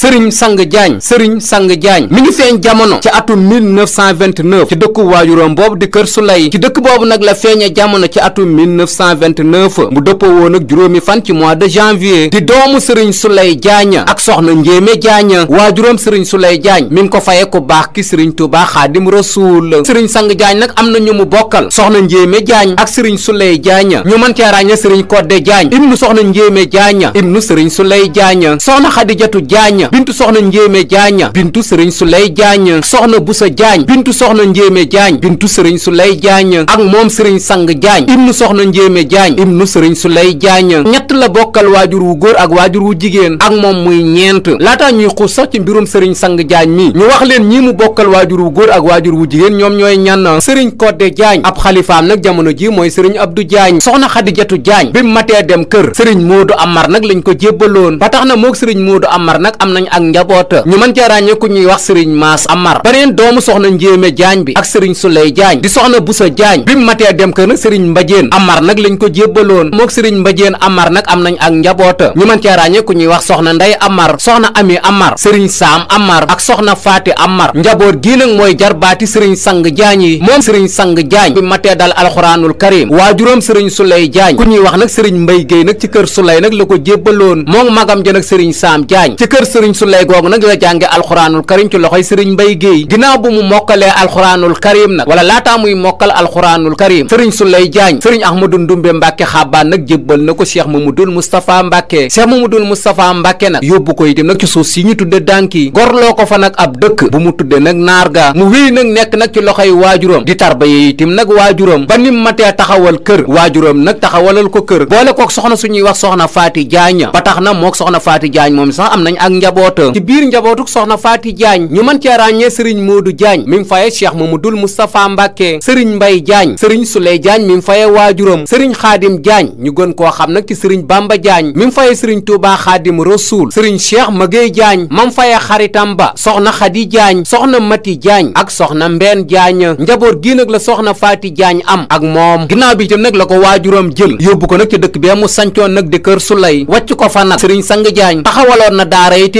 sëriñ sang jaañ sëriñ sang jaañ mi ngi feeñ jamono ci atum 1929 ci dëkku waajuram boobu di kër Sulay ci dëkk boobu nag la feeñe jamono ci atum 1929 mu dëppoo woon ak juróomi fan ci mois de janvier di doomu sëriñ Sulay jaaña ak soxna njéeme jaaña waajuram sëriñ Sulay jaañ mi ngi ko faye ku baax ki sëriñ Tuubaa Xaadim Rasuul sëriñ sang jaañ nag am na ñu mu bokkal soxna njéeme jaañ ak sëriñ Sulay jaaña ñu mën cee ràññe sëriñ Kodde jaañ ibnu soxna njéeme jaaña ibnu sëriñ Sulay jaaña soxna Xadijatu jaaña bintu soxna njéeme jaaña bintu sëriñ su lay jaañ soxna sa jaañ bintu soxna njéeme jaañ bintu sëriñ su lay jaañ ak moom sëriñ sang jaañ ibnu soxna njéeme jaañ ibnu su lay jaañ ñett la bokkal waajur wu góor ak waajur wu jigéen ak moom muy ñeent laataa ñuy xuus sax ci mbirum sëriñ sang jaañ mi ñu wax leen ñi bokkal waajur wu góor ak waajur wu jigéen ñoom ñooy ñan sëriñ kodde jaañ ab xalifaam nag jamono ji mooy sëriñ du jaañ soxna xadijatu jaañ bi mu matee dem kër sëriñ moodu amar nag lañ ko jébbaloon ba tax na moog sëriñ moodu amar nag am na nañ ak njaboota ñu mën cee ràññee ku ñuy wax sëriñ maas amar beneen doomu soxna njéeme jaañ bi ak sëriñ suley jaañ di soxna busa jaañ bi mu matee dem kër nag sëriñ mbajeen amar nag lañ ko jébbaloon mook sëriñ mbajeen amar nag am nañ ak njaboota ñu mën cee ràññee ku ñuy wax soxna nday amar soxna ami amar sëriñ saam amar ak soxna faati amar njaboot gii nag mooy jarbaati sëriñ sang jaañ yi moom sëriñ sang jaañ bi matee dal alxuraanul karim waajuram sëriñ suley jaañ ku ñuy wax nag sëriñ mbay géey nag ci kër suley nag la ko jébbaloon moom magam ja nag sëriñ saam jaañ ci kër sëriñ sëriñ Souley googu nag la jànge alxuraanul karim ci loxoy sëriñ Mbay Géey ginnaaw bu mu mokkalee alxuraanul karim nag wala laataa muy mokkal alxuraanul karim sëriñ Souley Diagne sëriñ Ahmadou Ndumbe Mbàkke xabbaan nag mu na ko Cheikh Mamadul Moustapha Mbàkke Cheikh Mamadul Moustapha Mbàkke nag yóbbu ko itam nag ci suuf si ñu tudde dànki gorloo ko fa nag ab dëkk bu mu tudde nag naar ga mu wéy nag nekk nag ci loxoy waajuram di tarbaye itam nag waajuram ba nim matee taxawal kër waajuram nag taxawalal ko kër boole kook soxna suñuy wax soxna Faati Jaañ ba tax na mook soxna Faati Jaañ moom sax am nañ ak njaboot njabootam ci biir njabootuk soxna Faati Jaañ ñu mën cee ràññee sëriñ Moodu Jaañ mi mu faye cheikh Mamadul Moustapha Mbàkke sëriñ Mbay Jaañ sëriñ Suley Jaañ mi mu faye waajuram sëriñ Xaadim Jaañ ñu gën koo xam nag ci sëriñ Bamba Jaañ mi mu faye sëriñ Tuubaa Xaadim Rasuul sëriñ cheikh Magey Jaañ mam faye xaritam ba soxna Xadi Jaañ soxna Mati Jaañ ak soxna Mbeen Jaañ njaboot gii nag la soxna Faati Jaañ am ak moom ginnaaw bi itam nag la ko waajuram jël yóbbu ko nag ci dëkk bi mu sancoon nag di kër Suley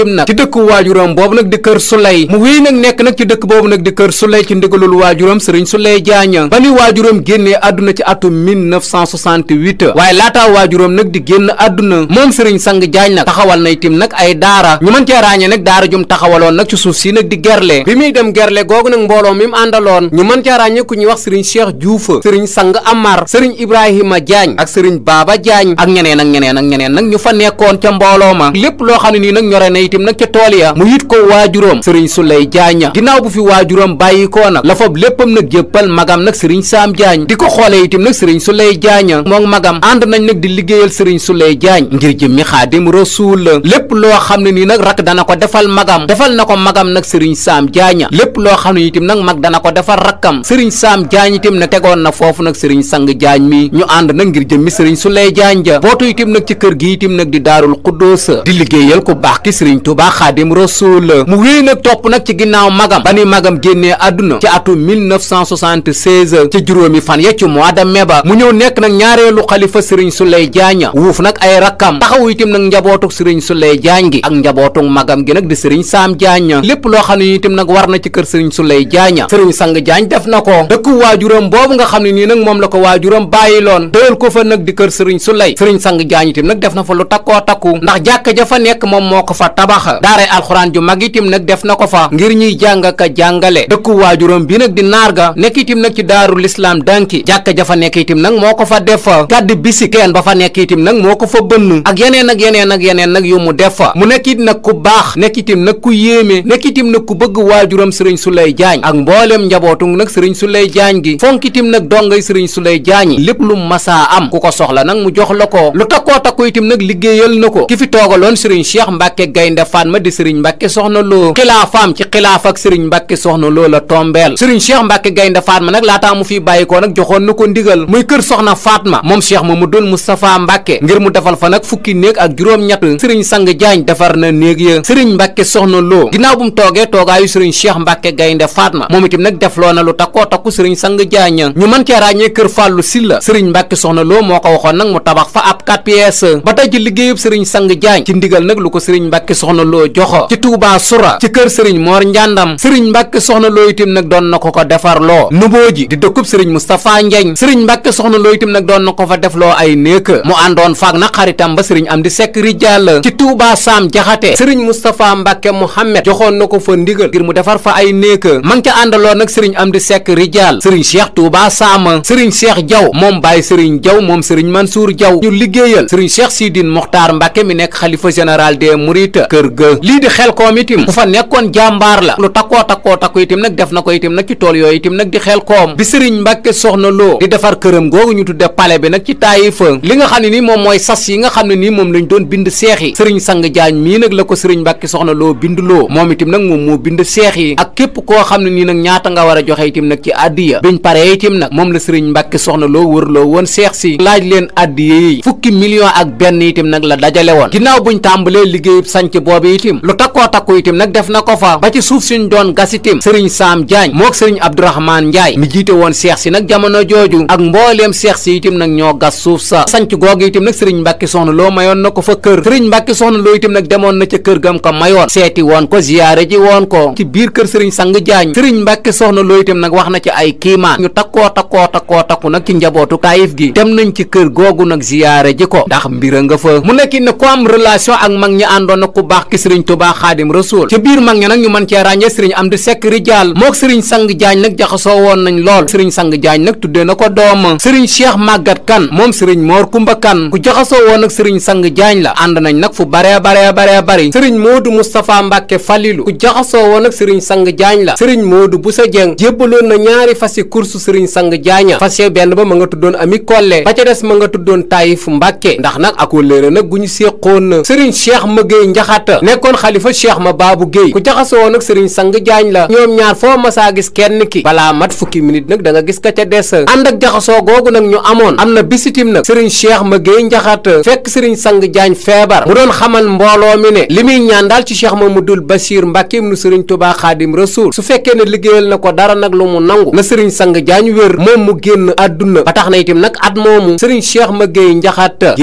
dëkkeem nag ci dëkk waajuram boobu nag di kër Souleye mu wéy nag nekk nag ci dëkk boobu nag di kër Souleye ci ndigalul waajuram sëriñ Souleye Diagne ba ni waajuram génnee àdduna ci atum waaye laataa waajuram nag di génn àdduna moom sëriñ sang Diagne nag taxawal na itim nag ay daara ñu mën cee ràññee nag daara jum taxawaloon nag ci suuf si nag di gerle bi muy dem gerle googu nag mbooloo mi mu àndaloon ñu mën cee ràññee ku ñuy wax sëriñ Cheikh Diouf sëriñ sang Amar sëriñ tim nag ca tool ya mu yit ko waajuróom sëriñ Sulay Jaañ ginnaaw bu fi waajuróom bàyyi koo nag la fab léppam nag jéppal magam nag sëriñ Saam Jaañ di ko xoolee itam nag sëriñ Sulay Jaañ moom magam ànd nañ nag di liggéeyal sëriñ Sulay Jaañ ngir jëmmi Xaadim Rasuul lépp loo xam ne nii nag rak dana ko defal magam defal na ko magam nag sëriñ Saam Jaañ lépp loo xam ne itam nag mag dana ko defal rakkam sëriñ Saam Jaañ itam nag tegoon na foofu nag sëriñ Sang Jaañ mi ñu ànd nag ngir jëmmi sëriñ Sulay Jaañ ja bootu itam nag ci kër gi itam nag di Daarul Xuddoos di liggéeyal ku baax ki sëriñ Serigne Touba Xaadim Rasuul mu wéy nag topp nag ci ginnaaw magam ba ni magam génnee àdduna ci atu 1976 ci juróomi fan ya ci mois de mai mu ñëw nekk nag ñaareelu xalifa Serigne Souleye Diagne wuuf nag ay rakkam taxawu itam nag njabootuk Serigne Souleye Diagne gi ak njabootuk magam gi nag di Serigne Sam Diagne lépp loo xam ne itam nag war na ci kër Serigne Souleye Diagne Serigne Sang Diagne def na ko dëkku waajuram boobu nga xam ne nii nag moom la ko waajuram bàyyi loon doyal ko fa nag di kër Serigne ja fa nekk tabax daaray alxuraan ju mag itim nag def na ko fa ngir ñuy jàng ka jàngale dëkku waajuram bi nag di naar ga nekk nag ci daarul islaam danki jàkka ja fa nekk itim nag moo ko fa def fa gàddi bisi teen ba fa nekk itim nag moo ko fa bënn ak yeneen ak yeneen ak yeneen nag yu mu def fa mu nekk nag ku baax nekk itim nag ku yéeme nekk nag ku bëgg waajuram sëriñ Sulay Jaañ ak mbooleem njabootu nag sëriñ Sulay Jaañ gi fonk itim nag dongay sëriñ Sulay Jaañ lépp lu masaa am ku ko soxla nag mu jox la ko lu takkoo takku itim nag liggéeyal na ko ki fi toogaloon sëriñ Cheikh Gaynde Fatma di Serigne Mbacke soxna loo xilaafaam ci xilaaf ak Serigne Mbacke soxna loo la tombeel Serigne Cheikh Mbacke Gaynde Fatma nag laataa mu fiy bàyyikoo nag joxoon na ko ndigal muy kër soxna Fatma moom Cheikh Mamadou Moustapha Mbacke ngir mu defal fa nag fukki néeg ak juróom-ñett Serigne Sang Diagne defar na néeg ya Serigne Mbacke soxna loo ginnaaw bu mu toogee toogaayu Serigne Cheikh Mbacke Gaynde Fatma moom itam nag defloo na lu takkoo takku Serigne Sang Diagne ñu mën cee ràññee kër Fallou Silla Serigne Mbacke soxna loo moo ko waxoon nag mu tabax fa ab 4 pièces ba tey ci liggéeyub Serigne Sang Diagne ci ndigal nag lu ko Serigne Mbacke soxna soxna loo joxo ci Touba sura ci kër sëriñ moor njàndam sëriñ mbàkke soxna loo itam nag doon na ko ko defarloo nubooji di dëkkub sëriñ Moustapha Ndiagne sëriñ mbàkke soxna loo itam nag doon na ko fa defloo ay néeka mu àndoon faak nag xaritam ba sëriñ am di sekk rijjal ci Touba saam jaxate sëriñ Moustapha Mbàkke Mohammed joxoon na ko fa ndigal ngir mu defar fa ay néeka ma ngi nag sëriñ am di sekk rijjal sëriñ Cheikh Touba saama sëriñ Cheikh Diaw moom bàyyi sëriñ Diaw kër ga lii di xel koom itim ku fa nekkoon jàmbaar la lu takkoo takkoo takku itim nag def na ko itim nag ci tool yooyu itim nag di xel koom bi sëriñ mbàkke soxna loo di defar këram googu ñu tudde pale bi nag ci taayi li nga xam ne nii moom mooy sas yi nga xam ne nii moom lañ doon bind seex yi sëriñ sang jaañ mii nag la ko sëriñ mbàkke soxna loo bind loo moom itim nag moom moo bind seex yi ak képp koo xam ne nii nag ñaata nga war a joxe itim nag ci addiya biñ paree itim moom la sëriñ mbàkke soxna loo wërloo woon seex si laaj leen addiya million ak benn itim nag la dajale woon boobu lu takkoo na ko fa ba ci suuf suñ si nag jamono jooju ak mbooleem seex si itim nag ñoo gas suuf sa sanc googu itim nag sëriñ Mbàkke Soxna Lo mayoon na ko fa kër sëriñ Mbàkke Soxna Lo itim nag demoon na ca kër gam ko mayoon seeti woon ko ziyaare ji woon ko ci biir kër sëriñ Sang Jaañ sëriñ Mbàkke Soxna Lo itim nag wax na ci ay kiimaan ñu takkoo takkoo takkoo takku nag ci njabootu taayif gi dem nañ ci kër googu nag ziyaare ji ko ndax mbira nga fa mu nekk ne ko am relation ak mag ñi àndoon na ku baax baax ki sëriñ tubaa xaadim rasuul ci biir mag ña nag ñu mën cee ràññee sëriñ amdi sekk rijaal mook sëriñ sang jaañ nag jaxasoo woon nañ lool sëriñ sang jaañ nag tuddee na ko doom sëriñ cheikh màggat kan moom sëriñ moor kumba kan ku jaxasoo woon nag sëriñ sang jaañ la ànd nañ nag fu baree baree baree bari sëriñ moodu mustapha mbàkke falilu ku jaxasoo woon nag sëriñ sang jaañ la sëriñ moodu bu sa jeng jébbaloon na ñaari fasi kursu sëriñ sang jaaña fas ya benn ma nga tuddoon ami kolle ba ca des ma nga tuddoon taayif mbàkke ndax nag ñaata nekkoon xalifa cheikh ma baabu géey ku jaxasoo woon ak sëriñ sang jaañ la ñoom ñaar foo masaa gis kenn ki balaa mat fukki minute nag da nga gis ka ca des ànd ak jaxasoo googu nag ñu amoon am na bisitim nag sëriñ cheikh ma géey njaxat fekk sëriñ sang jaañ feebar mu doon xamal mbooloo mi ne li muy ñaan daal ci mu cheikh mamadul bachir mbàkkim nu sëriñ tubaa xaadim rasul su fekkee ne liggéeyal na ko dara nag lu mu nangu na sëriñ sang jaañ wér moom mu génn àdduna ba tax na itam nag at moomu sëriñ cheikh ma géey njaxat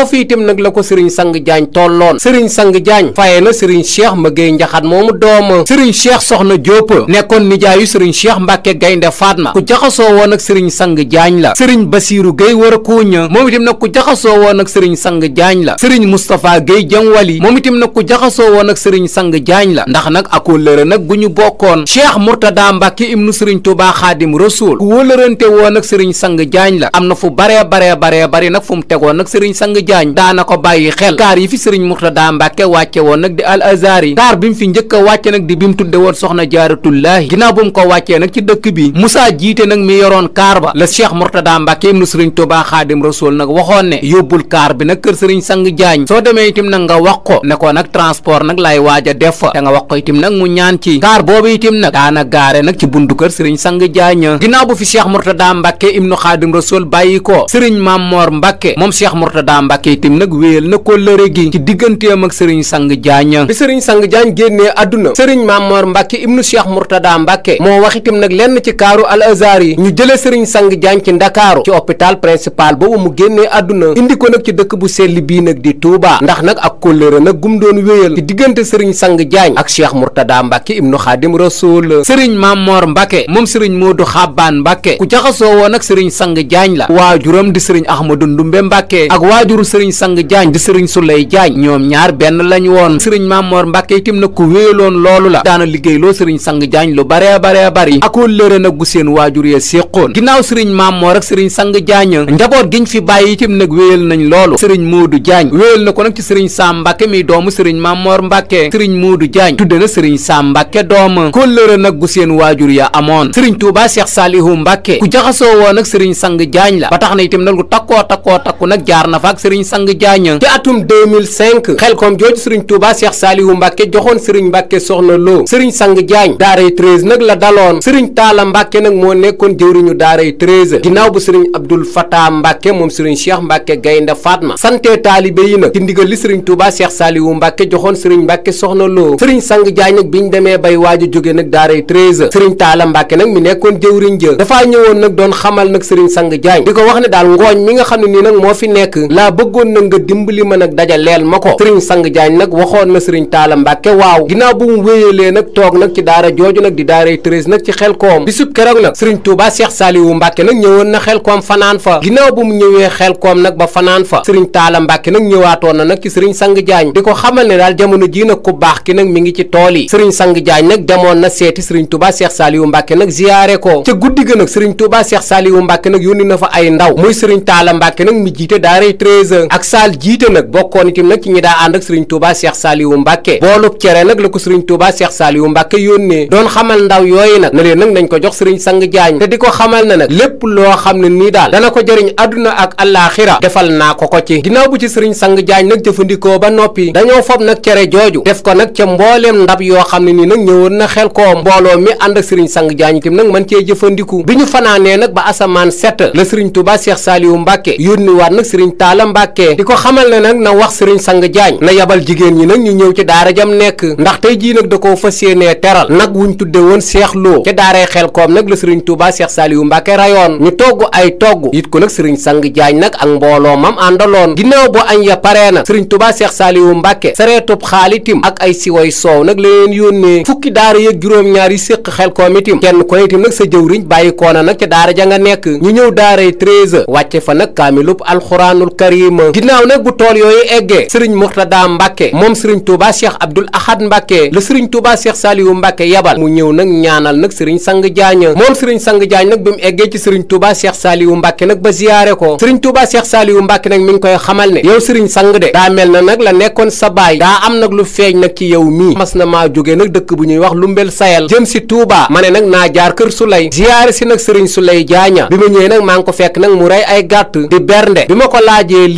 foofu itam nag la ko sëriñ sang jaañ tolloon sëriñ sang jaañ faye na sëriñ cheikh mëggeey njaxat moomu dooma sëriñ cheikh soxna Diop nekkoon nijaayu sëriñ cheikh mbàkke gaynde faatma ku jaxasoo woon ak sëriñ sang jaañ la sëriñ basiiru géy war a kuuña moom itam nag ku jaxasoo woon ak sëriñ sang jaañ la sëriñ moustapha géy jëmwali moom itam nag ku jaxasoo woon ak sëriñ sang jaañ la ndax nag ak wóllëre nag gu ñu bokkoon cheikh murtada mbàkke ibnu sëriñ tubaa xaadim rasuul ku wóllërante woon sëriñ sang jaañ la am na fu baree baree baree bari nag fu mu tegoon nag sëriñ Diagne daana ko bàyyi xel kaar yi fi sëriñ Murtada Mbàkke wàcce woon nag di al azar yi kaar a wàcce bi mu tudde woon soxna jaaratullaahi ginnaaw bu mu ko wàccee nag ci dëkk bi Moussa jiite nag mi yoroon kaar ba la Cheikh Murtada Mbàkke ibnu sëriñ Tuubaa Xaadim Rasuul nag waxoon ne yóbbul kaar bi nag kër sëriñ Sang Diagne soo demee itam nag nga wax nag transport nag lay waaj a def fa da nga wax ko itam nag mu ñaan ci kaar boobu itam nag daana gaare nag ci buntu kër sëriñ Sang Diagne ginnaaw bu fi Cheikh Murtada Mbàkke itam nag wéyal na ko lëre gi ci digganteem ak sëriñ sang jaañ bi sëriñ sang jaañ génnee àdduna moo wax itam nag lenn ci kaaru al azar ñu jëlee sëriñ sang jaañ ci ndakaaru ci hôpital principal boobu mu génnee àdduna indi ko nag ci dëkk bu sell bii nag di Touba ndax nag ak kóllëre nag gum doon wéyal ci diggante sëriñ sang jaañ ak Cheikh Mourtada Mbàkke ibnu Xaadim Rasul sëriñ Mamor Mbàkke moom sëriñ Moodu Xabbaan Mbàkke ku jaxasoo woon ak sëriñ sang jaañ la waajuram di sëriñ Ahmadu Ndumbe Mbàkke ak waajuru sëriñ sang jaañ di sëriñ suley jaañ ñoom ñaar benn lañ woon sëriñ Mamor Mbàkke itam nag ku loon loolu la daana liggéeyloo sëriñ sang jaañ lu bare bare bari akoo lëre nag gu seen waajur ya séqoon ginnaaw sëriñ Mamor ak sëriñ sang jaañ njaboot giñ fi bàyyi itam nag wéyal nañ loolu sëriñ Moodu jaañ wéyal na ko nag ci sëriñ Sam Mbàkke mi doomu sëriñ Mamor Mbàkke sëriñ Moodu jaañ tudde na sëriñ Sam Mbàkke doom koo lëre nag gu seen waajur ya amoon sëriñ Tuubaa Seex Saalihu Mbàkke ku ba tax na itam nag lu takkoo takkoo takku nag jaar na fa sëriñ sang jaaña ci atum 2005 xel koom jooju sëriñ Touba Cheikh Saliou Mbacke joxoon sëriñ Mbacke soxna loo sëriñ sang jaañ daaray 13 la daloon sëriñ Talla Mbacke nag moo nekkoon jëwriñu daaray 13 ginnaaw bu sëriñ Abdoul Fatah Mbacke moom sëriñ Cheikh Mbacke Gaynde Fatma sante taalibe yi nag ci ndigal li sëriñ Touba Cheikh Saliou Mbacke joxoon sëriñ Mbacke soxna loo sëriñ sang demee bay waaj a jóge nag daaray 13 sëriñ Talla Mbacke nag mi nekkoon jëwriñ ja dafaa ñëwoon nag doon xamal nag sëriñ sang jaañ di ko wax ne daal ngooñ mi nga xam ne nag moo fi nekk laa bëgg bëggoon na nga dimbali ma nag dajaleel ma ko sëriñ sang jaañ nag na sëriñ nag toog daara jooju nag di daaray treize nag ci xel koom bisub keroog nag sëriñ tuubaa seex saaliwu mbàkke nag ñëwoon na xel koom fanaan fa ginnaaw bu mu ñëwee xel koom nag ba fanaan fa sëriñ taala mbàkke nag ñëwaatoon na nag ci sëriñ sang jaañ di ko xamal ne daal jamono ji nag ku baax ki nag mi ngi ci tool yi sëriñ sang jaañ nag demoon na seeti sëriñ tuubaa seex saaliwu mbàkke nag ziyaare ko ca guddi ga nag sëriñ tuubaa seex saaliwu mbàkke nag yónni na fa ay ndaw muy sëriñ taala mbàkke nag mi jiite daaray treize ak saal jiite nag bokkoon itam nag ci ñi daa ànd ak sëriñ Touba Cheikh Saliou Mbacke boolub cere nag la ko sëriñ Touba Cheikh Saliou Mbacke yónnee doon xamal ndaw yooyu nag na leen nag nañ ko jox sëriñ sang jaañ te di ko xamal na nag lépp loo xam ne nii daal dana ko jëriñ àdduna ak allaaxira defal naa ko ko ci ginnaaw bu ci sëriñ sang jaañ nag jëfandikoo ba noppi dañoo fob nag cere jooju def ko nag ca mbooleem ndab yoo xam ne ni nag ñëwoon na xel koom mbooloo mi ànd ak sëriñ sang jaañ itam nag mën cee jëfandiku bi ñu fanaanee nag ba asamaan set la sëriñ Touba Cheikh Saliou Mbacke yónni waat nag sëriñ Taala Mbàkke di ko xamal ne nag na wax sëriñ sang jaañ na yabal jigéen ñi nag ñu ñëw ci daara jam nekk ndax tey jii nag da koo fas yéenee teral nag wuñ tudde woon seex loo ca daaree xel koom nag la sëriñ Touba Seex Saaliwu Mbàkke rayoon ñu togg ay togg it ko nag sëriñ sang jaañ nag ak mbooloo mam àndaloon ginnaaw bu añ ya paree nag sëriñ Touba Seex Saaliwu Mbàkke sareetub xaalitim ak ay siwoy soow nag la leen yónnee fukki daara yeeg juróom-ñaar yi séq xel koom itim kenn ko itim nag sa jëwriñ bàyyi koona nag ca daara ja nga nekk ñu ñëw daaray 13 fa nag xalima ginnaaw nag bu tool yooyu eggee sëriñ Murtada Mbàkke moom sëriñ Touba Cheikh Abdoul Ahad Mbàkke la sëriñ Touba Cheikh Saliou Mbàkke yabal mu ñëw nag ñaanal nag sëriñ Sang Jaañ moom sëriñ Sang Jaañ nag bi mu eggee ci sëriñ Touba Cheikh Saliou Mbàkke nag ba ziyaare ko sëriñ Touba Cheikh Saliou Mbàkke nag mi ngi koy xamal ne yow sëriñ Sang de daa mel na nag la nekkoon sa baay daa am nag lu feeñ nag ci yow mii mas na maa jóge nag dëkk bu ñuy wax Lumbel Sayel jëm si Touba ma ne nag naa jaar kër Sulay ziyaare si nag sëriñ Sulay Jaañ bi ma ñëwee nag maa ngi ko fekk nag mu rey ay gàtt di bernde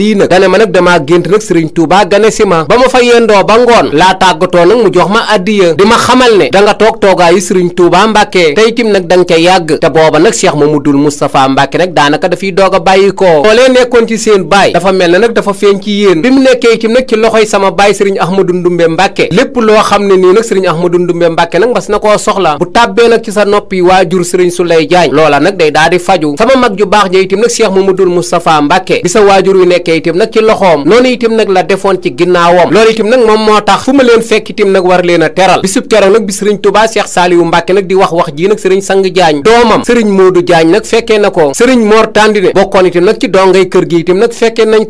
lii nag dane ma nag ba ma ma addiya di ma da nga toog toogaayu sëriñ Touba Mbàkke tey itam nag a bàyyi koo loolee nekkoon ci seen baay dafa mel ne nag dafa feeñ ci yéen bi mu nekkee itam nag ci loxoy sama baay sëriñ Ahmadou Ndumbe Mbàkke lépp loo xam ne nii nag sëriñ Ahmadou Ndumbe Mbàkke nag mas na koo soxla bu tàbbee nag ci sa noppi waajur sëriñ Sulay Jaañ loola nag day daal di faju sama mag ju baax ja itam nag Cheikh Mamadou Moustapha Mbàkke bi waajur yu nekkee nekkee itam nag ci loxoom noonu itam nag la defoon ci ginnaawam loolu itam nag moom moo tax fu ma leen fekk itam nag war leen a teral bisub keroog nag bi sëriñ Tuubaa Seex Saaliwu Mbàkke nag di wax wax jii na ko sëriñ Mor Tandine bokkoon itam nag ci dongay kër gi itam nag ji itam nag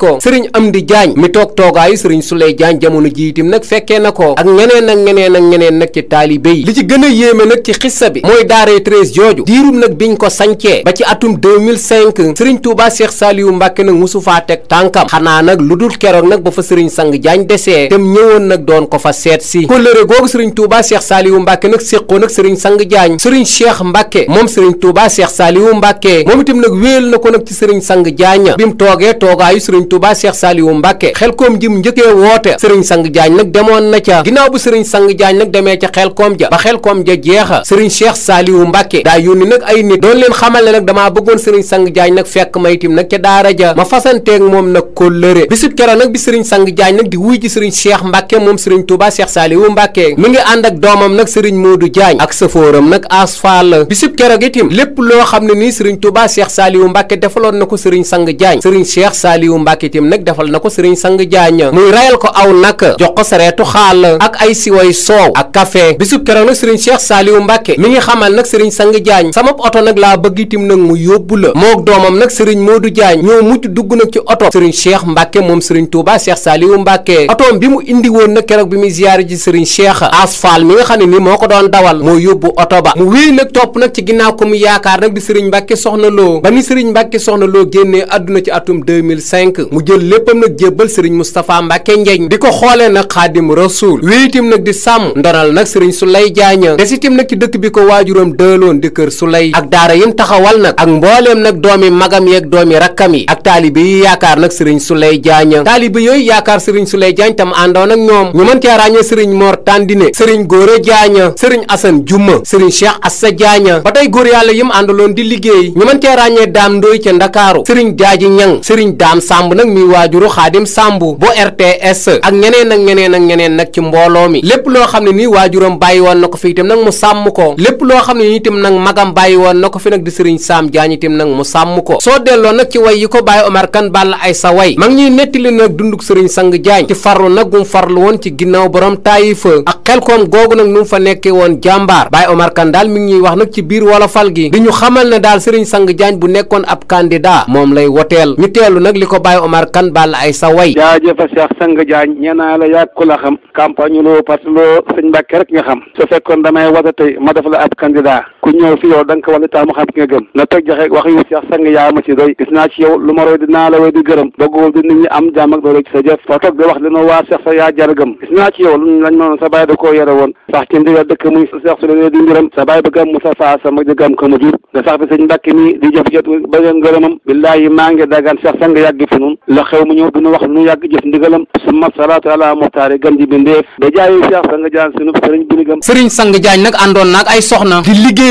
na ko ak ñeneen ak ñeneen ak ñeneen nag ci taalibe yi li ci gën a yéeme nag ci xissa bi mooy daaree treize jooju diirum nag biñ ko sancee ba ci atum 2005 sëriñ Tuubaa Seex Saaliwu Mbàkke nag musu faa teg tànk tànkam xanaa nag lu dul keroog nag ba fa sëriñ sang jaañ desee dem ñëwoon nag doon ko fa seet si kóllëre googu sëriñ Touba Cheikh Saliou Mbacke nag séqoo nag sëriñ sang jaañ sëriñ Cheikh Mbacke moom sëriñ Touba Cheikh Saliou Mbacke moom itam nag wéel na ko nag sëriñ sang jaañ bi mu toogee toogaayu sëriñ Touba Cheikh Saliou Mbacke xel koom jim njëkkee woote sëriñ sang jaañ nag demoon na ca ginnaaw bu sëriñ sang jaañ nag demee ca xel koom ja ba xel koom ja jeexa sëriñ Cheikh Saliou Mbacke daa yónni nag ay nit doon leen xamal ne nag damaa bëggoon sëriñ sang jaañ nag fekk ma itim nag ak kóllëre bisub kero nag bi sëriñ sang jaañ nag di wuy ji sëriñ cheikh mbàkke moom sëriñ touba cheikh saaliwu mbàkke mi ngi ànd ak doomam nag sëriñ moodu jaañ loo xam ne nii sëriñ touba cheikh saaliwu mbàkke defaloon na ko sëriñ sang jaañ sëriñ cheikh saaliwu mbàkke itam nag defal na ko sëriñ sang jaañ muy rayal ko aw nag jox ko sareetu xaal ak ay siway soow ak café bisub kero nag sëriñ cheikh saaliwu mbàkke mi ngi xamal nag sëriñ sang jaañ sama oto nag laa bëgg itam nag mu yóbbu la moog doomam nag sëriñ moodu jaañ ñoo mujj dugg nag ci oto sëriñ Serigne Cheikh Mbacke moom Serigne Touba Cheikh Saliou Mbacke otoom bi mu indi na keroog bi muy ziyaare ji Serigne Cheikh asfaal mi nga xam ne ni moo ko doon dawal moo yóbbu oto ba mu wéy nag topp nag ci ginnaaw ko mu yaakaar nag di Serigne Mbacke soxna loo ba ni Serigne Mbacke soxna loo génnee àdduna ci atum 2005 mu jël léppam nag jébbal Serigne Moustapha Mbacke Njeeñ di ko xoolee nag xaadim rasul wéy itam nag di sàmm ndonal nag su lay Diagne des itam nag ci dëkk bi ko waajuram dëloon di kër Souley ak daara yim taxawal nag ak ak taalibe yi yaakaar sëriñ Souley Diagne taalibe yooyu yaakaar sëriñ Souley Diagne tam àndoon ak ñoom ñu mën cee ràññee sëriñ Mor Tandine sëriñ Gora Diagne sëriñ Assane Juma sëriñ Cheikh Assa Diagne ba tey góor yàlla yim àndaloon di liggéey ñu Daam Ndooy ca Ndakaaru sëriñ Jaaji Ñang sëriñ Daam Sàmb nag muy waajuru Xaadim Sàmb bu RTS ak ñeneen ak ñeneen ak ñeneen nag ci mbooloo mi lépp loo xam ne nii waajuram bàyyi woon na ko fi itam nag mu sàmm ko lépp loo xam ne nii itam nag magam na ko fi nag di sëriñ Saam Jaañ itam nag mu sàmm ko sa way mag ñuy nettali nag dunduk sëriñ sang jaañ ci farlu nag gum farlu woon ci ginnaaw borom taayifa ak xel koom googu nag nu mu fa nekkee woon jàmbaar Baye Omar kan daal mi ngi ñuy wax nag ci biir wolofal gi di ñu xamal ne daal sëriñ sang jaañ bu nekkoon ab candidat moom lay woteel ñu teelu nag li ko bàyyi Omar kan bàll ay sa way jaajëfa Cheikh sang jaañ naa la yàgg ku la xam campagne loo parti loo sëñ Mbàkke rek nga xam su fekkoon damay wata ma def la ku ñëw fi yow da nga ko wala tax mu xam joxe wax yu Cheikh sang yaa ma ci doy ma roy la gërëm doggoo bi nit ñi am jàmm ak doole ci sa jëf soo toog di wax dina waa seex sa yaa jaragëm gis naa ci yow lu lañ mënoon sa bàyyi da koo yore woon sax ci ndigal dëkk muy seex su lee di sa bàyyi bëgg am Moustapha ko mu sa nga yàgg la xew mu ñëw ñu sa nga bi gëm sëriñ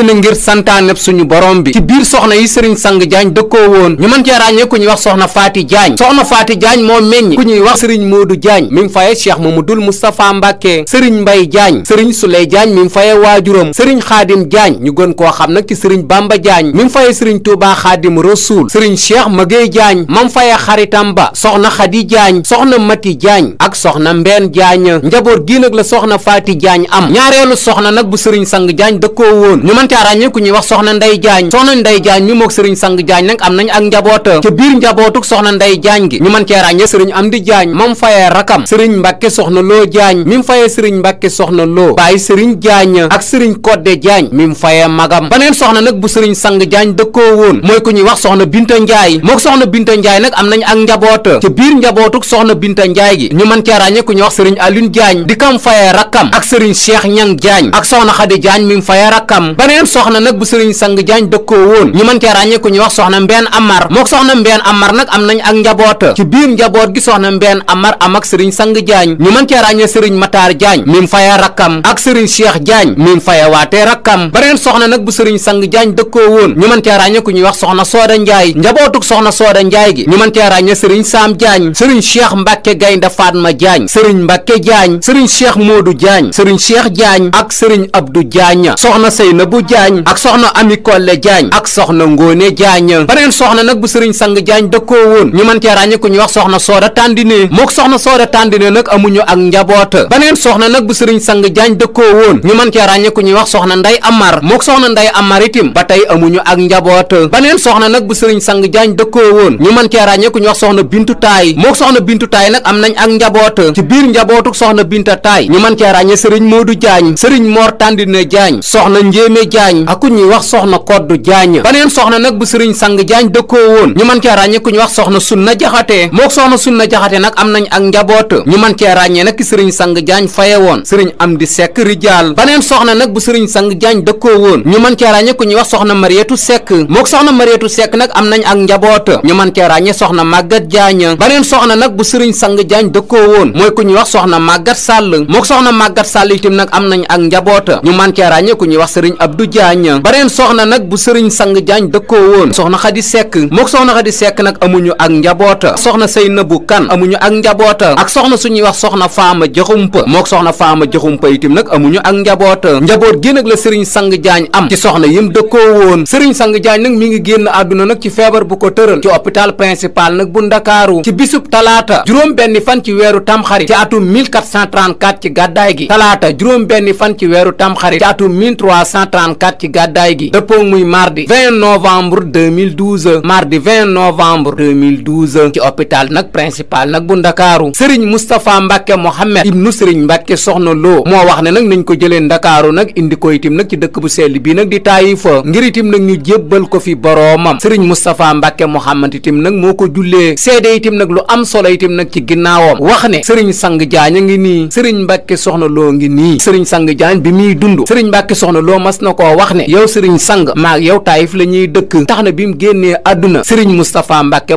na ngir santaaneb suñu borom bi ci biir soxna yi sëriñ sang jaañ dëkkoo woon ñu mën cee ràññee ku wax soxna Faati Jaañ Diagne soxna Faati Diagne moo meññ ku ñuy wax sëriñ Modou Diagne mi ngi faye Cheikh Mamadul Moustapha Mbàkke sëriñ Mbay jaañ sëriñ Souley Diagne mi ngi faye waajuram sëriñ Xaadim jaañ ñu gën koo xam nag ci sëriñ Bamba Diagne mi ngi faye sëriñ Touba Xaadim Rasuul sëriñ Cheikh Magey Diagne mam faye xaritam ba soxna Xadi Diagne soxna Mati jaañ ak soxna Mbeen Diagne njaboot gii nag la soxna Faati jaañ am ñaareelu soxna nag bu sëriñ Sang jaañ dëkkoo woon ñu man caa ràññee ku ñuy wax soxna Ndey Diagne soxna Ndey Diagne mi mook sëriñ Sang Diagne nag am nañ ak njaboota ca biir njabootuk soxna Ndey jaañ gi ñu mën cee ràññee sëriñ Amdi Jaañ mam fayee rakam sëriñ Mbàkke soxna loo jaañ mi mu fayee sëriñ Mbàkke soxna loo bàyyi sëriñ jaañ ak sëriñ Kodde jaañ mi mu fayee magam baneen soxna nag bu sëriñ sang jaañ dëkkoo woon mooy ku ñuy wax soxna Binta Njaay mook soxna Binta Njaay nag am nañ ak njaboota ca biir njabootuk soxna Binta Njaay gi ñu mën cee ku ñuy wax sëriñ Alioune Jaañ di kam fayee rakkam ak sëriñ seex Ñang Jaañ ak soxna Xadi Jaañ mi mu fayee rakkam baneen soxna nag bu sëriñ sang jaañ dëkkoo woon ñu mën cee ku ñuy wax soxna Mbeen Amar mook soxna Mbeen Amar nag am njaboota ci biir njaboot gi soxna mbenn amar am ak sëriñ sang jaañ ñu mën cee ràññee sëriñ mataar jaañ mim faya rakkam ak sëriñ cheikh jaañ mim faya waatee rakkam beneen soxna nag bu sëriñ sang jaañ dëkkoo woon ñu mën cee ràññee ñuy wax soxna sooda njaay njabootuk soxna sooda njaay gi ñu mën cee ràññee sëriñ saam jaañ sëriñ cheikh mbàkke gaynde faatma jaañ sëriñ mbàkke jaañ sëriñ cheikh moodu jaañ sëriñ cheikh jaañ ak sëriñ abdu jaañ soxna seynabu jaañ ak soxna ami kolle jaañ ak soxna ngóone jaañ beneen soxna nag bu sëriñ sang jaañ dëkkoo woon ñu mën cee ràññi ku ñuy wax soxna sooda tàndine mook soxna sooda tàndine nag amuñu ak njaboot baneen soxna nag bu sëriñ sang jaañ dëkkoo woon ñu mën cee ràññi ku ñuy wax soxna nday amar mook soxna nday amar itim ba tey amuñu ak njaboot baneen soxna nag bu sëriñ sang jaañ dëkkoo woon ñu mën cee ràññi ku ñuy wax soxna bintu taay mook soxna bintu taay nag am nañ ak njaboot ci biir njabootuk soxna binta taay ñu mën cee ràññi sëriñ moodu jaañ sëriñ moor tàndine jaañ soxna njéeme jaañ ak ku ñuy wax soxna koddu jaañ baneen soxna nag bu sëriñ sang jaañ dëkkoo woon ñu mën cee ràññi ku ñuy wax soxna sunna jaxate mook soxna sunna jaxate nag am nañ ak njaboot ñu man cee ràññee nag ki sëriñ sang jaañ faye woon sëriñ am di sekk rijaal baneen soxna nag bu sëriñ sang jaañ dëkkoo woon ñu man cee ràññee ku ñuy wax soxna marietu sekk mook soxna marietu sekk nag am nañ ak njaboot ñu man cee ràññee soxna màggat jaañ baneen soxna nag bu sëriñ sang jaañ dëkkoo woon mooy ku ñuy wax soxna màggat sàll mook soxna màggat sàll itam nag am nañ ak njaboot ñu man cee ràññee ku ñuy wax sëriñ abdu jaañ baneen soxna nag bu sëriñ sang jaañ dëkkoo woon soxna xadi sekk mook soxna xadi sekk nag amuñu ak njaboot njaboota soxna Seynabu Kan amuñu ak njaboota ak soxna suñuy wax soxna faama jaxumpa mook soxna faama jaxumpa itim nag amuñu ak njaboota njaboot gi nag la sëriñ sang jaañ am ci soxna yim dëkkoo woon sëriñ sang jaañ nag mi ngi génn àdduna nag ci feebar bu ko tëral ci hôpital principal nag bu ndakaaru ci bisub talaata juróom benni fan ci weeru tamxarit ci atum 1434 ci gàddaay gi talaata juróom benni fan ci weeru tamxarit ci atum 1334 ci gàddaay gi dëppoo muy mardi 20 novembre 2012 mardi 20 ci hôpital nag principal nag bu ndakaaru sëriñ moustapha mbàkke mohammed ibnu sëriñ mbàkke soxna loo moo wax ne nag nañ ko jëlee ndakaaru nag indi ko itim nag ci dëkk bu sell bii nag di taayifa ngir itim nag ñu jébbal ko fi boroomam sëriñ moustapha mbàkke mohammed itim nag moo ko jullee seede itim nag lu am solo itim nag ci ginnaawam wax ne sëriñ sang jaañ ngi nii sëriñ mbàkke soxna loo ngi nii sëriñ sang jaañ bi muy dund sëriñ mbàkke soxna loo mas na koo wax ne yow sëriñ sang maag yow taayif la ñuy dëkk bi mu génnee àdduna sëriñ moustapha mbàkke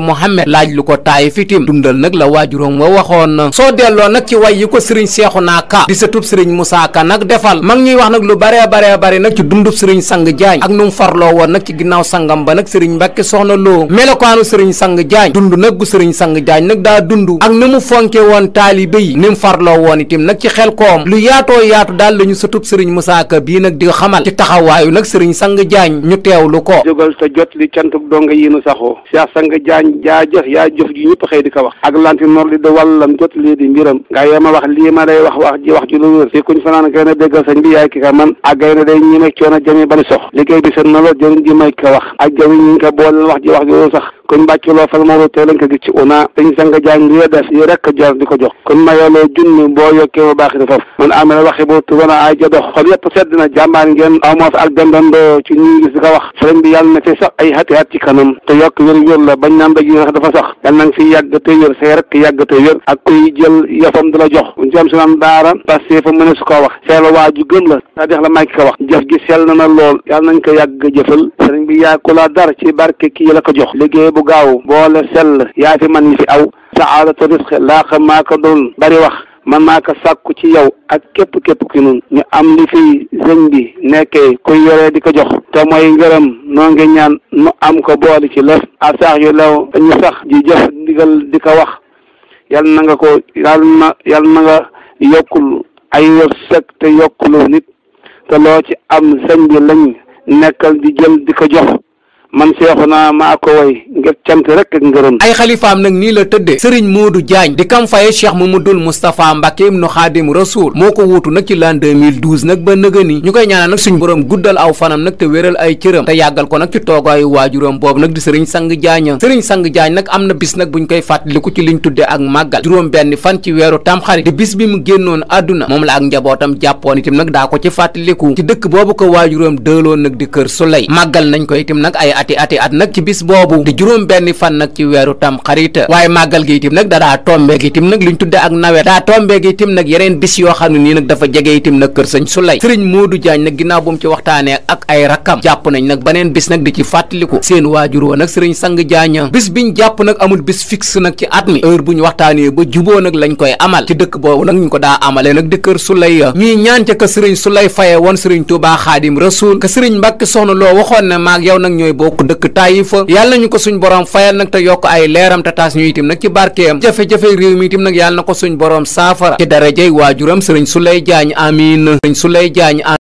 laaj lu ko taay fitim dundal nag la waajuram wa waxoon soo delloo nag ci way yi ko sëriñ Seexuna Ka di sa tub sëriñ Musaa Ka nag defal mag ñuy wax nag lu baree baree bare nag ci dundub sëriñ sang jaañ ak nu mu farloo woon nag ci ginnaaw sangam ba nag sëriñ Mbàkke soxna loo melokaanu sëriñ sang jaañ dund nag gu sëriñ sang jaañ nag daa dund ak ni mu fonke woon taalibe yi ni mu farloo woon itim nag ci xel koom lu yaatoo yaatu daal la sa tub sëriñ Musaa Ka bii nag di xamal ci taxawaayu nag sëriñ sang jaañ ñu teewlu ko jógal yaa jëf ji ñëpp xëy di ko wax ak lanti nor di da wàllam jot lii di mbiram nga yema wax lii ma day wax wax ji wax ji lu wër fi kuñ fanaan gay na déggal bi yaay ki ka man ak gay na day ñi meg coono jami bani sox liggéey bi seen na lool jëriñ ji may ko wax ak jëriñ ñi ko booleel wax ji wax ji sax kuñ bàcculoo fal moo tee lañ ko gis ci una dañ sanga jàng yo des yi rekk joor di ko jox kuñ ma yooloo junni boo yokkee ba baaxi foofu man amee waxi boo tubana ay ja dox xol yëpp sedd na jàmbaar ngeen aw moos ak ci ñu gis di wax sëriñ bi yàlla na fi sax ay xati at ci kanam te yokk wér wér la bañ naan daj sax dafa sax yàlla te wér say jël yafam di jox jom si naan daara parce que fa mu ne ko wax seela waa ju gëm la daa dex la maa ki ko wax jëf gi sell na na lool yàlla nañ ko yàgg jëfal sëriñ bi yaa ku la dar ci bu gaaw boole sel yaa fi man ñi fi aw saadatu risq laaqa maa ko doon bari wax man maa ko sàkku ci yow ak képp képp ki nun ñu am li fi sëñ bi nekk koy yoree di ko jox te mooy ngërëm noo ngi ñaan nu am ko boole ci lëf ab sax yu lew ñu sax ji jëf ndigal di ko wax yal na nga ko yal na yal na yokkul ay wërsëg te yokkuloo nit te loo ci am sëñ bi lañ nekkal di jël di ko jox man Seexuna maa ko way ngir cant rek ak ngërëm ay xalifaam nag nii la tëddee sëriñ Modou Diagne di kam faye Cheikh Mamadou Moustapha Mbacke ibnu Xaadim Rasoul moo ko wuutu nag ci l'an 2012 nag ba nëga ni ñu koy ñaanal nag suñ borom guddal aw fanam nag te wéral ay cëram te yàggal ko nag ci toogaayu waajuram boobu nag di sëriñ sang Diagne sëriñ sang Diagne nag am na bis nag bu buñ koy fàttaliku ci liñ tudde ak màggal juróom benn fan ci weeru tamxarit di bis bi mu génnoon àdduna moom la ak njabootam jàppoon itam nag ko ci fàttaliku dëkk boobu ko waajuram dëeloon nag di kër Suley màggal nañ ko ati ati at nag ci bis boobu di juróom benn fan nag ci weeru tam xarit waaye màggal gi itim nag dadaa tombeeg itim nag luñ tudde ak nawet daa tombeeg itim nag yeneen bis yoo xam ne nii nag dafa jege itim nag kër Sulay sëriñ Moodu Jaañ nag ginnaaw bu ci waxtaanee ak ay rakkam jàpp nañ nag beneen bis nag di ci fàttaliku seen waajur woo nag sëriñ sang jaaña bis biñ jàpp nag amul bis fixe nag ci at mi heure bu ñu waxtaanee ba juboo nag lañ koy amal ci bokk dëkk taayifa yàlla nañu ko suñ borom fayal nag te yokk ay leeram te taas ñu itam nag ci barkeem jafe-jafe réew mi itam nag yàlla na ko suñ borom saafara ci darajey waajuram sëriñ Suley Jaañ amiin sëriñ Suley Jaañ